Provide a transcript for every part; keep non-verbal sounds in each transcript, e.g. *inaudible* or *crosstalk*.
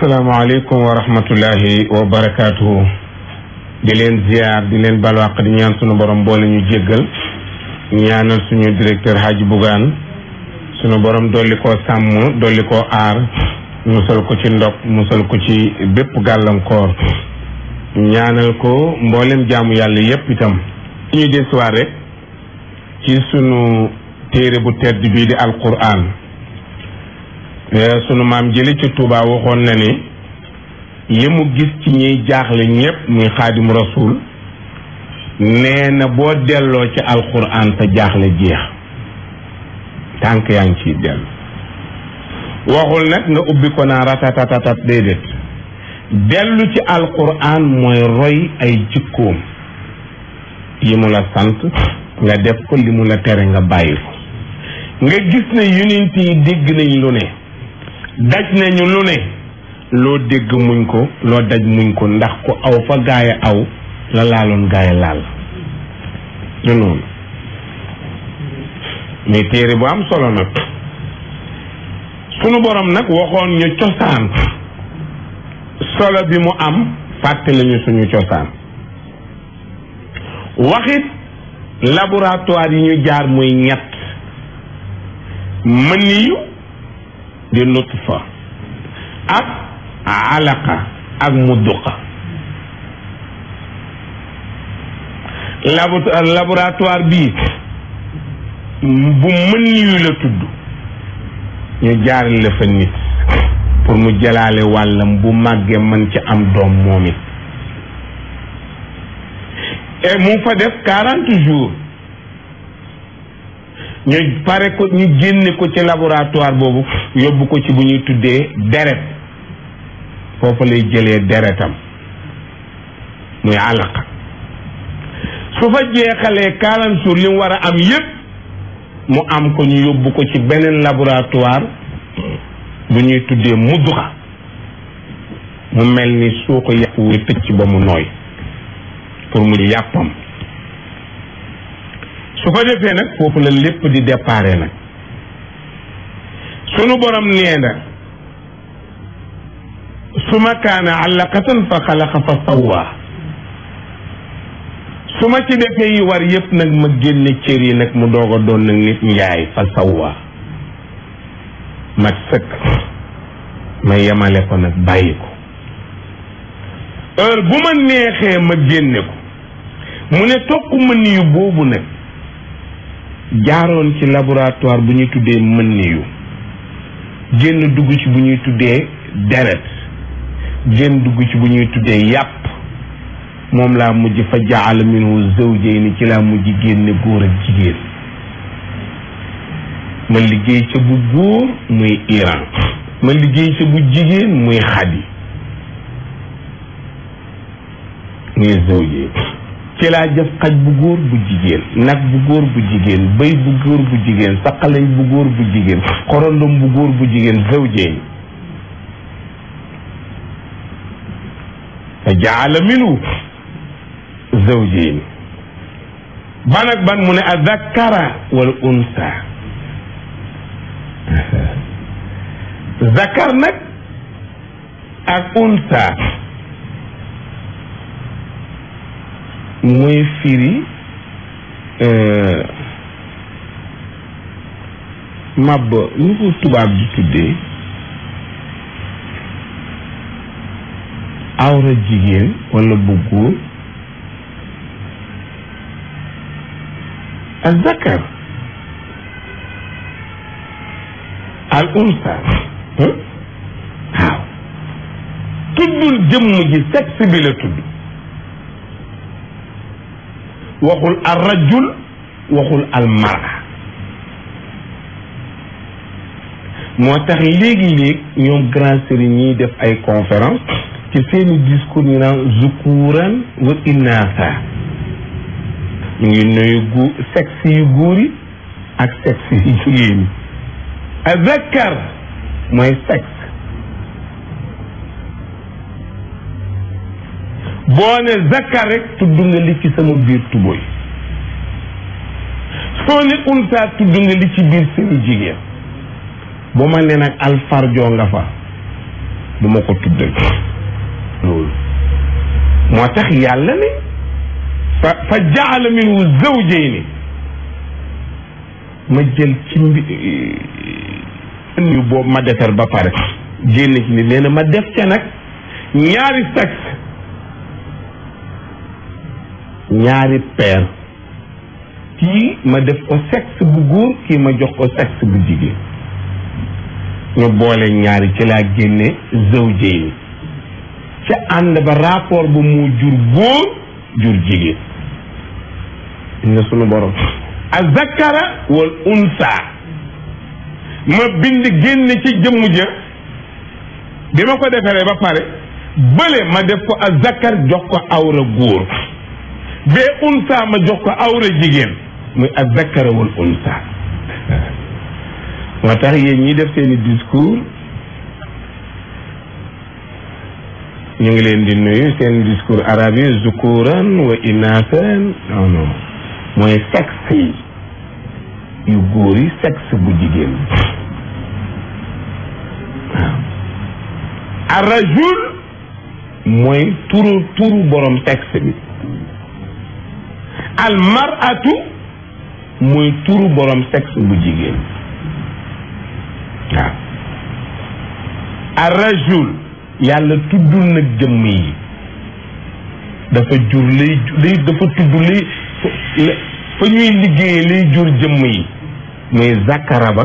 asalaamaaleykum wa rahmatullahi wa barakaatuhu di leen ziar di leen balwaq ñaan sunu borom boole ñu jéggal ñaanal suñu directeur Hadj Bougane sunu borom dolli ko sàmm dolli koo aar musal ko ci ndog musal ko ci bépp gàllankoor ñaanal ko mboolem jaamu yàlla yépp itam ñuy dellusiwaat rek ci sunu téere bu tedd bii di alquran Eh, sunu maam jële ci Touba waxoon na ne li mu gis ci ñuy jaaxle ñépp muy xaadim rasul nee na boo delloo ci alxuraan sa jaaxle jeex tànk yaa ngi ciy dellu waxul nag nga ubbi ko naa ratatatatat déedéet dellu ci alxuraan mooy roy ay jikkoom yi mu la sant nga def ko li mu la tere nga bàyyi ko nga gis ne yonent yi nañ lu ne daj nañu lu ne loo dégg muñ ko loo daj muñ ko ndax ku aw fa gaaya aw la laaloon gaaya laal du noonu mais téere bu am solo nag sunu borom nag waxoon ñu cosaan solo bi mu am fàttali ñu suñu cosaan waxit laboratoire yi ñu jaar muy ñett mën yu di nutfa ak alaqa ak mudduqa labo laboratoire bii bu mën yu la tudd ñu jaarale la fa nit pour mu jëlaale wàllam bu màggee mën ci am doom moom it mu fa def quarante jours ñu pare ko ñu génne ko ci laboratoire boobu yóbbu ko ci bu ñuy tuddee deret foofu lay jëlee deretam muy àllaqa su fa jeexalee quarante jours li mu war a am yépp mu am ko ñu yóbbu ko ci beneen laboratoire bu ñuy tuddee mudduxa mu mel ni suuxu yàpp wu picc ba mu nooy pour mu yàppam su ko defee nag foofu la lépp di déparé nag sunu borom nee na su ma kaana allaqatan fa xalaqa fa sawwa su ma ci defee yi war yépp nag ma génne cër yi nag mu doog a doon nag nit njaay fa sawwa mat sëkk ma yemale ko nag bàyyi ko heure bu ma neexee ma génne ko mu ne tokk ma niyu boobu nag jaaroon ci laboratoire bu ñuy tuddee mën yu génn dugg ci bu ñuy tuddee deret génn dugg ci bu ñuy tuddee yàpp moom laa mujj fa jaala minhu zawjayni ci laa mujj génne góor ak jigéen ma liggéey ca bu góor muy Iran ma liggéey ca bu jigéen muy Xadi muy zawjayni ci laa jëf xaj bu góor bu jigéen nag bu góor bu jigéen bëy bu góor bu jigéen saqalay bu góor bu jigéen xorondom bu góor bu jigéen zawjeyn fa jaala minu zawjeyn ban ak ban mu ne a zakara wal unsa *laughs* zakar nag ak unsa mwenye firi eee mabou mwenye fwak di tude a wre di gen wle boku e zakar al un sa ha tout bou jem mwenye sek sibe le tout bi waxul al rajul waxul al mara moo tax léegi-léeg ñoom grand sëriñ ñiy def ay conférence ci seeni discours ñu naan zukuran wa inaasa ñu ngi nuyu gu sexe yu góor yi ak sexe yu jigéen yi azakar mooy sexe boo ne zakka rek tudd nga li ci sama biir tubóy soo ne unsa tudd nga li ci biir seen jigéen bu ma ne nag nga fa du ma ko tuddal loolu moo tax yàlla ne fa fa jaala minhu zawjayni ma jël ci mbi euh, ma defar ba pare génn ci ni nee ma def ca nag ñaari sexe ñaari paire kii ma def ko sexe bu góor kii ma jox ko sexe bu jigéen ñu boole ñaari ci laa génne zawje yi ca ànd ba rapport ba mu jur góor jur jigéen na sunu borom azakara wal unsa ma bind génne ci jëmm ja bi ma ko defaree ba pare bële ma def ko azakar jox ko awra góor bee unsa ma jox ko awra jigéen muy ak zakkarawul unsa moo tax yéen ñi def seeni discours ñu ngi leen di nuyu seen discours arabe yi zukuran wa inaasan mooy sexe yi yu góor yi sexe bu jigéen waaw arajul mooy turu turu borom sexe bi al maratu mooy turu borom sexe bu jigéen waaw arrajul yàlla tuddul nag jëmm yi dafa jur lay lay dafa tudd lay fa ñuy liggéeyee lay jur jëmm yi muy zakara ba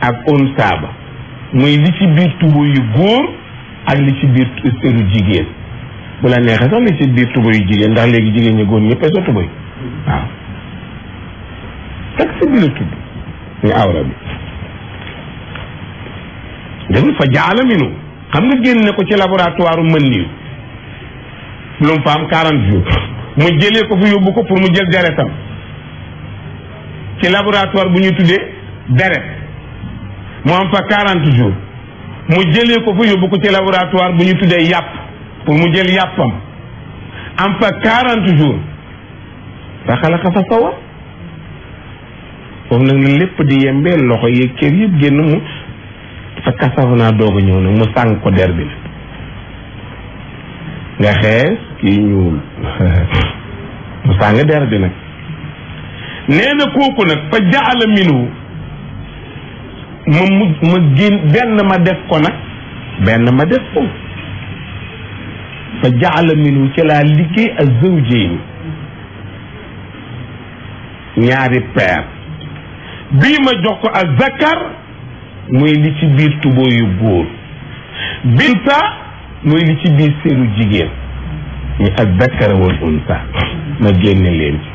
ak unsa ba li ci biir tubu yu góor ak li ci biir seru jigéen bu la neexee sax li ci biir tubayu jigéen ndax léegi jigéen ñi góor ñëpp a sa tubay waaw teg si bi la tudd ñu awra bi dégul fa jaala minu xam nga génne ko ci laboratoire mën niu lu mu fa am quarante jours mu jëlee ko fi yóbbu ko pour mu jël deretam ci laboratoire bu ñuy tuddee deret mu am fa quarante jours mu jëlee ko fi yóbbu ko ci laboratoire bu ñu tuddee yàpp pour mu jël yàppam am fa quarante jours fa xalaqa fa nag la lépp di yembee loxo yeeg cër yëpp génn mu fa mu sànq der bi nag nga *laughs* der bi nag nee kooku nag fa jaala minhu ma mu ma génn benn ma def ko nag benn ma def ko fa jaala minu ci laa liggéey ak zawjayni ñaari peer bii ma jox ko ak zakar muy li ci biir tuboo yu góor binta muy li ci biir seeru jigéen ñu ak zakara wal unsa ma génn leen ci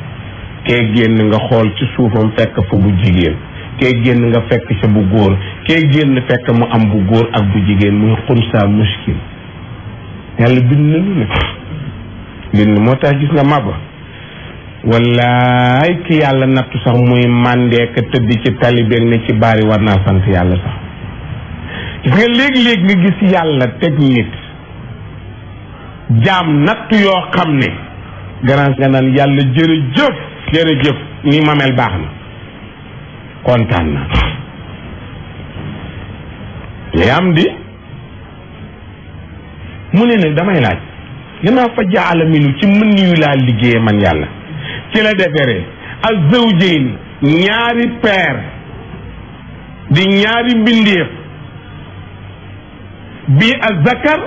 kee génn nga xool ci suufam fekk fa bu jigéen kee génn nga fekk ca bu góor kee génn fekk mu am bu góor ak bu jigéen muy xunsa muskil yàlla bind na lu ne bind moo tax gis nga maba wallaay ki yàlla nattu sax muy màndeeka tëdd ci talibeeg ne ci baari war naa sant yàlla sax gis nga léeg-léeg nga gis yàlla teg nit jaam nattu yoo xam ne garance nga naan yàlla jërëjëf jërëjëf ni ma baax na kontaan na am di mu ne nag damay laaj gannaaw fa jaala minu ci mën yu laa liggéeye man yàlla ci la deferee ak zawjayni ñaari peer di ñaari mbindeef bii al zakar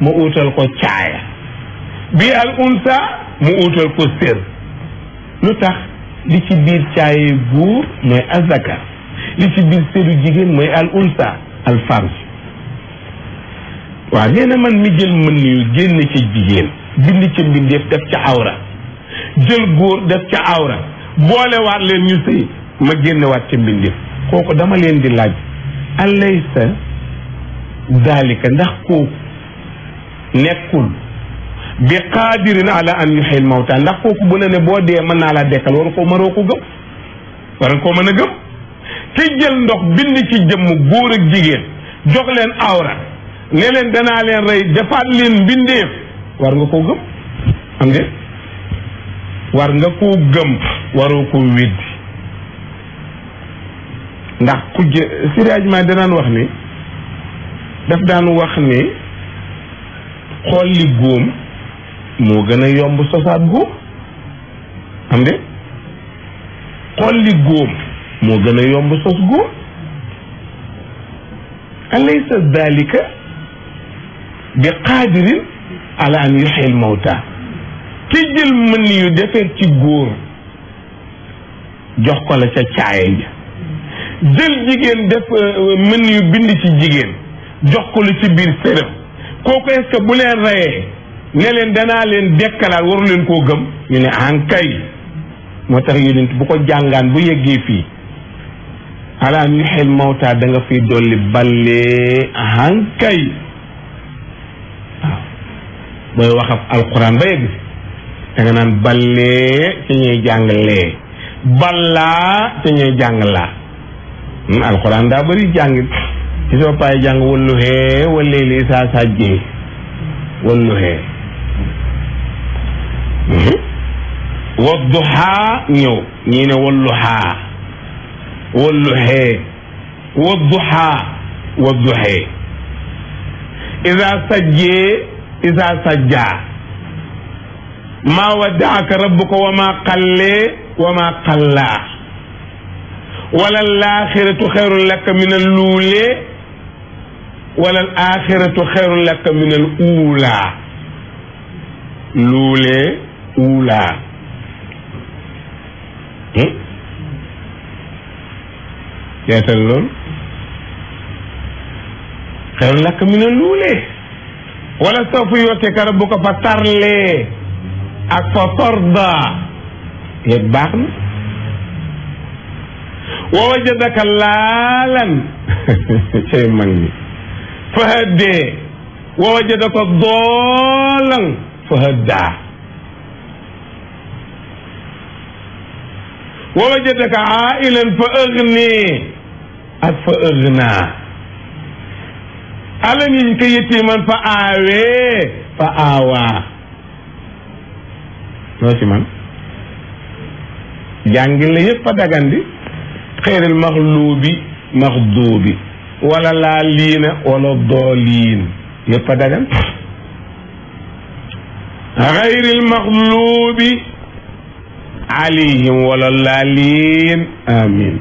mu uutal ko caaya bii al unsa mu uutal ko sér lu tax li ci biir caaye góor mooy al zakar li ci biir séru jigéen mooy al unsa al fams waaw nee man mi jël mën yu génn ci jigéen bind ci mbindeef def ca awra jël góor def ca awra boolewaat leen ñu sëy ma génnewaat ca mbindeef kooku dama leen di laaj alaysa dalika ndax kooku nekkul bi qaadirin ala an yuxil mawta ndax kooku bu ne ne boo dee mën naa laa dekkal waru koo maroo ko gëm waru koo mën a gëm ki jël ndox bind ci jëmm góor ak jigéen jox leen awra ne leen danaa leen rey defaat leen mbindeef war nga koo gëm am de war nga koo gëm waroo koo weddi ndax ku jë sérieusement danaan wax ni daf daan wax ni xool li moo gën a yomb sosaat góom am de xool li moo gën a yomb sos góom alaysa dalika bi qaadirin ala an yuxil mawta ki jël mën yu defeer ci góor jox ko la ca caaye ja jël jigéen def euh, euh, mën yu bind ci jigéen jox ko lu ci biir sërëm kooku est ce bu leen reyee ne danaa leen dekkalaat waru leen koo gëm ñu ne ankay moo tax yonent bu ko jàngaan bu yeggee fii ala an yuxil mawta da nga dolli ballee ankay booy wax ab alquran ba yegg da nga naan ballee ci ñuy jàngalee ballaa ci ñuy jàngalaa hmm, alquran daa bëri jàngit ci soo paay jàng walluxee wallee lii saa sàjjee walluxee hmm. wadduxaa ñëw ñii ne walluxaa walluxee wadduxaa wadduxee isaa sàjjee إذا سجى ما ودعك ربك وما قل وما قلى وللآخرة خير لك من الأولى وللآخرة خير لك من الأولى الأولى أولى يا تلون خير لك من الأولى wala sawfa yu'tika rabbuka fa tarlee ak fa tardaa yépp baax na wa wajadaka laalan *laughs* cay mag ñi fa haddee wa wajadaka doolan fa haddaa wa wajadaka ailan fa aghnee ak fa aghnaa ala nin ka yatiman fa aawe fa aawa noo ci man jàngil na yëpp a dagandi xeeril maxluubi maxduubi wala laa liina wala dooliin yëpp a dagan xeyril maxluubi alayhim wala laa liin amin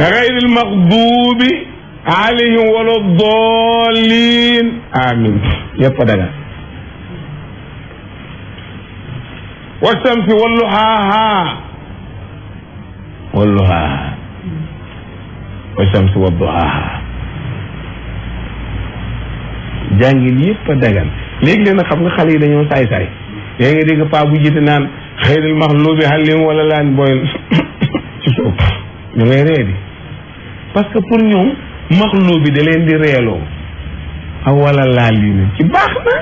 xeyril maxduubi alayhim wala doliin amin yëpp daga wasamsi walluhaaha walluhaaha wasamsi wadduhaaha jàngil yëpp a dagan léegi leen xam nga xale yi dañoo saay-saay léegi nga dégg paa bu jiite naan xëyril maxluubi xalim wala laan booyal *coughs* ci ngay ree di parce que pour ñoom maxlu bi da leen di reeloo aw wala laal yi ne ci baax na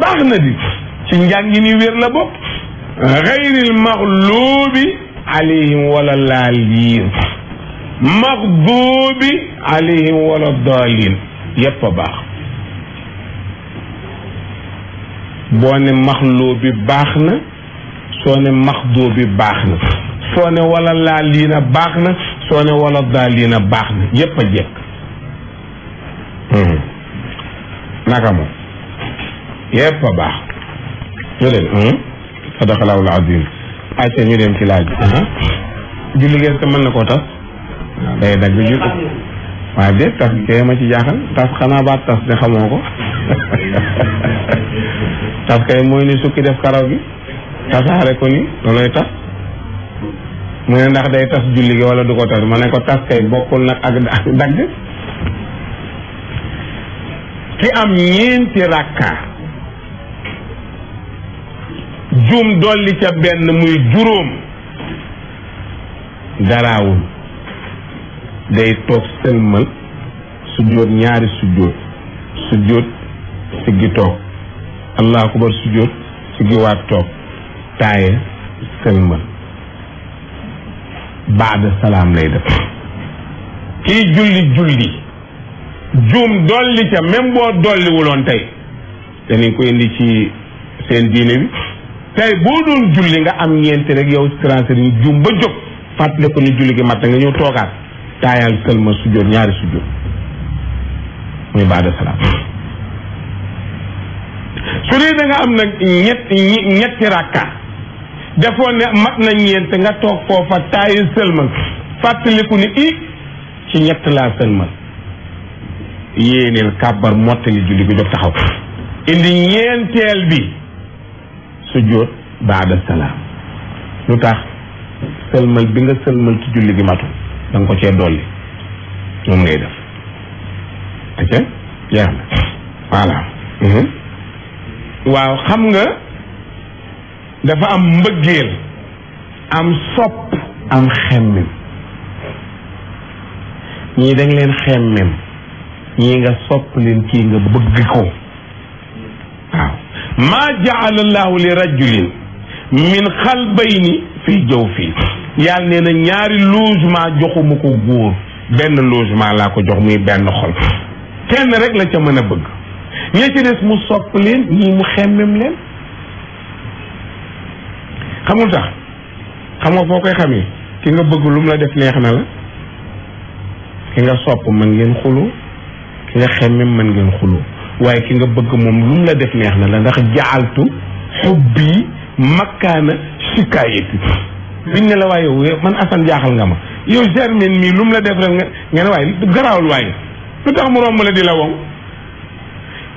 baax na di ci njàngi ni wér la bopp xayril maxlubi alayhim wala laaliin maxduubi alayhim wala daaliin yépp a baax boo ne maxluubi baax na soo ne maxduubi baax na soo ne wala laaliin a baax na soo ne wolof daal dina baax na yépp a jekk hmm. naka moom yépp a baax ñu dem hmm? sadaqallahul azim acca ñu dem ci laaj hmm? julli gees ka mën na koo tas day dagg julli waaye de tas kee ma ci jaaxal tas xanaa baat tas de xamoo ko *laughs* tas kay mooy ni sukki def karaw gi tasaare ko ni looloy tas mu ne ndax day tas julli gi wala du ko tas ma ne ko tas kay bokkul nag ak *laughs* dagg ci am ñeenti rakka juum dolli ca benn muy juróom daraawul day toog sëlmal sujjóot ñaari sujjóot sujjóot siggi toog allahu akbar sujjóot siggi waat toog taaye sëlmal baada salaam lay def kii julli julli juum dolli ca même boo dolliwuloon tey danañ ko indi ci seen diine bi tey boo doon julli nga am ñeenti rek yow tranché ni juum ba jóg fàttali ko ni julli gi mat nga ñëw toogaat taayal sëlma sujjóot ñaari sujjóot muy baada salaam su dee da nga am nag ñett ñetti rakka defoon ne mat na ñeent nga toog foofa taayu sëlmal fàttaliku ni i ci ñett laa sëlmal yéeneel kàbbar mottali julli bi jóg taxaw indi ñeenteel bi sujjóot baada salaam lu tax sëlmal bi nga sëlmal ci julli gi matu da ko cee dolli moom ngay def ok jeex na voilà mhm. waaw xam nga dafa am mbëggeel am sopp am xemmem ñii da leen xemmem ñii nga sopp leen kii nga bëgg ko waaw maa jaala allahu li rajulin min xalbayni fii jëw fii yàlla nee ñaari logement joxuma ko góor benn logement laa ko jox muy benn xol kenn rek la ca mën a bëgg ña ci des mu sopp leen ñii mu xemmem leen xamul tax xam nga foo koy xamee ki nga bëgg lu mu def neex na la ki nga sopp ngeen xulu ki nga xemmem mën ngeen xulu waaye ki nga bëgg moom lu la def neex na la ndax jaaltu xubbi makkaana shikaayati biñ ne la waaye yow man Assane jaaxal nga ma yow Germaine mii lu mu la def rek nga ne waaye garaawul waaye lu tax mu romb la di la woŋ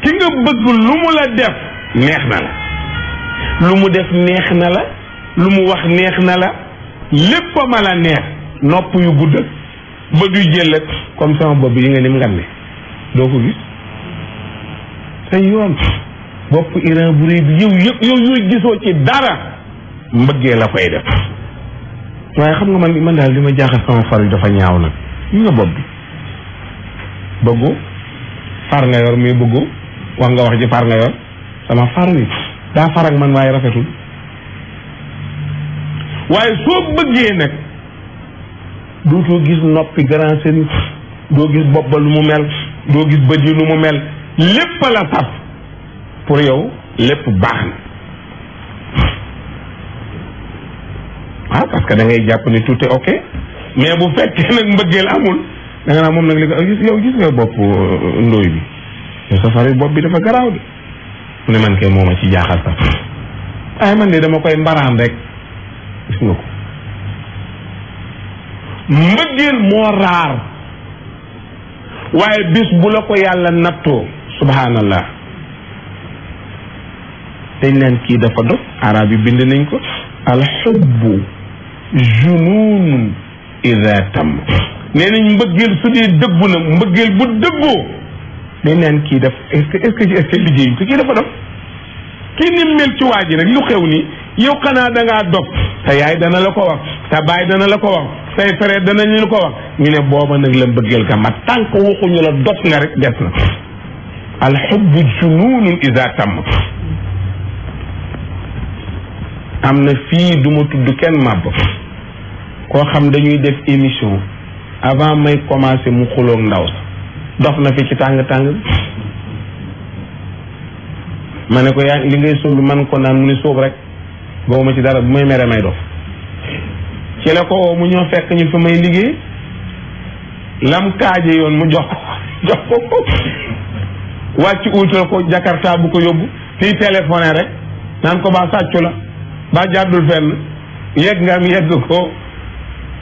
ki nga bëgg lu mu la def neex na la lu mu def neex na la lu mu wax neex na la lépp a ma la neex nopp yu gudd ba du jël comme sama bopp yi nga nim ngam ne doo ko gis sa yoon bopp iran bu réy bi yow yëpp yow gisoo ci dara mbëgge la koy def waaye xam nga man man daal li ma jaaxal sama far yi dafa ñaaw nag ñu nga bopp bi bëggu far nga yor mais bëggu wax nga wax ji far nga yor sama far wi daa far ak man waaye rafetul waaye soo bëggee nag dootoo gis noppi grand sëriñ doo gis bopp ba lu mu mel doo gis bët yi lu mu mel lépp la saf pour yow lépp baax na waaw ah, parce que da ngay jàpp ni tuute est ok mais bu fekkee nag mbëggeel amul da naa moom nag li ko ah, gis gis nga bopp euh, ndóoy bi yow safari bopp bi dafa garaaw de mu ne man kay mooma ci jaaxal sax waaye ah, man de dama koy mbaraan rek gis nga ko mbëggeel moo raar waaye bis bu la ko yàlla nattoo subhanallah dañ naan kii dafa dog arab yi bind nañ ko alxubbu jununun ida tam nee mbëggeel su dee dëggu na mbëggeel bu dëggoo dañ naan kii daf est ce que est ce liggéey ko kii dafa dog kii ni ci waa ji rek lu xew nii yow xanaa dangaa dog sa yaay dana la ko wax sa baay dana la ko wax say frère danañu la ko wax ñu ne booba nag la mbëggeel ka mat tànk waxuñu la dof nga rek def na alxubbu jununun isa tàmm am na fii duma tudd kenn màbb koo xam dañuy def émission avant may commencé mu xuloog ndaw dox na fi ci tàng-tàng ma ne ko yaa li ngay lu man ko naan mu ne sóob rek boobu ma ci dara bu may mere may dof ci la ko woo mu ñëw fekk ñu fi liggéey lam kaaje yoon mu jox ko *laughs* jox ko wàcc uutal ko jakarta bu ko yóbbu fii téléphoné rek naan ko baa sàccu la baa jàddul fenn yegg nga am yegg ko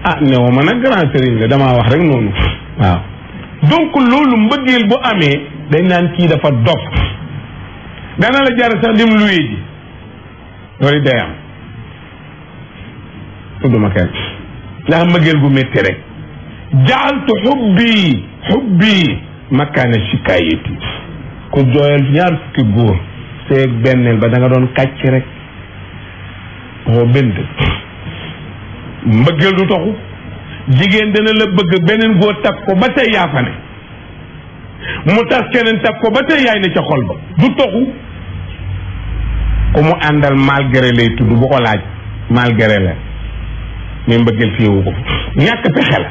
ah néew ma nag grand sëriñ la damaa wax rek noonu waaw donc loolu mbëggeel bu amee dañ naan kii dafa dof dana la jar sax dim luye ji loolu day am tudduma kenn ndax mbëggeel gu métti rek jaaltu xubbi xubbi makkaane shikaayati ku jooyal ñaar fukki góor seeg benneel ba da doon kàcc rek moo bind mbëggeel du taxu jigéen dana la bëgg beneen góor takk ko ba tey yaa fa ne mu tas keneen takk ko ba tey yaay ne ca xol ba du taxu ku mu àndal malgré lay tudd bu ko laaj malgré la mais ko ñàkk pexe la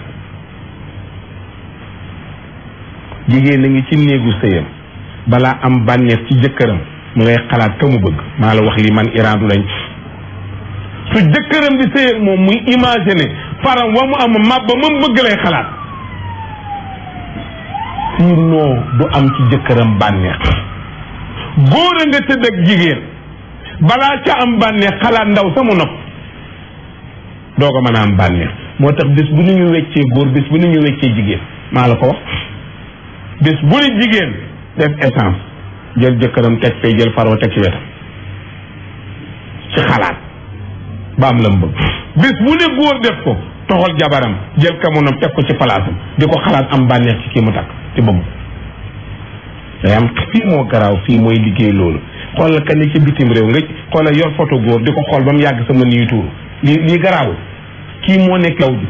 jigéen a ngi ci néegu sëyam balaa am bànneex ci jëkkëram mu ngay xalaat ka mu bëgg maa la wax li man iraadu lañ su jëkkëram di sëyal moom muy imaginer faram wa mu am màbba ma bëgg lay xalaat sinon du am ci jëkkëram bànneex góor a nga tëdd ak jigéen balaa ca am bànneex xalaat ndaw sama nopp doo ko mën a am bànneex moo tax bés bu nu ñu weccee góor bés bu nu ñu weccee jigéen maa la ko wax bés bu ne jigéen def essence jël jëkkëram teg fee jël faroo teg ci wetam ci xalaat ba am la mu bëgg bés bu ne góor def ko toxal jabaram jël ka kamonam teg ko ci palaasam di ko xalaat am bànneex ci kii mu takk ci bëgg day am fii moo garaaw fii mooy liggéey loolu xoolal ka ne ci bitim réew nga xoolal yor photo góor di ko xool ba mu yàgg sama nii tuur lii lii garaawul kii moo nekk law ji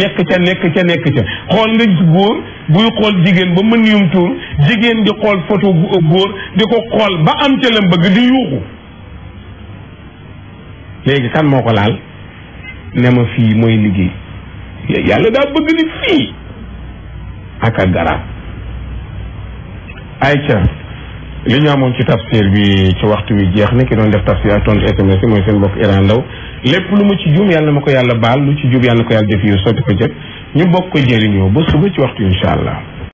nekk ca nekk ca nekk ca xool nga góor buy xool jigéen ba mën yum tuur jigéen di xool photo góor di ko xool ba am ca lam bëgg di yuuxu léegi kan moo ko laal ne ma fii mooy liggéey yàlla daal bëgg nit fii ak a garaaw ay ayca li ñu amoon ci tafsir bi ci waxtu wi jeex na ki doon def tafsir ak tontu SMS mooy seen mbokk Iran Ndaw lépp lu mu ci juum yàlla na ma ko yàlla baal lu ci juum yàlla na ko yàlla def yu sotti ko jëkk ñu bokk ko jëriñoo ba suba ci waxtu insha allah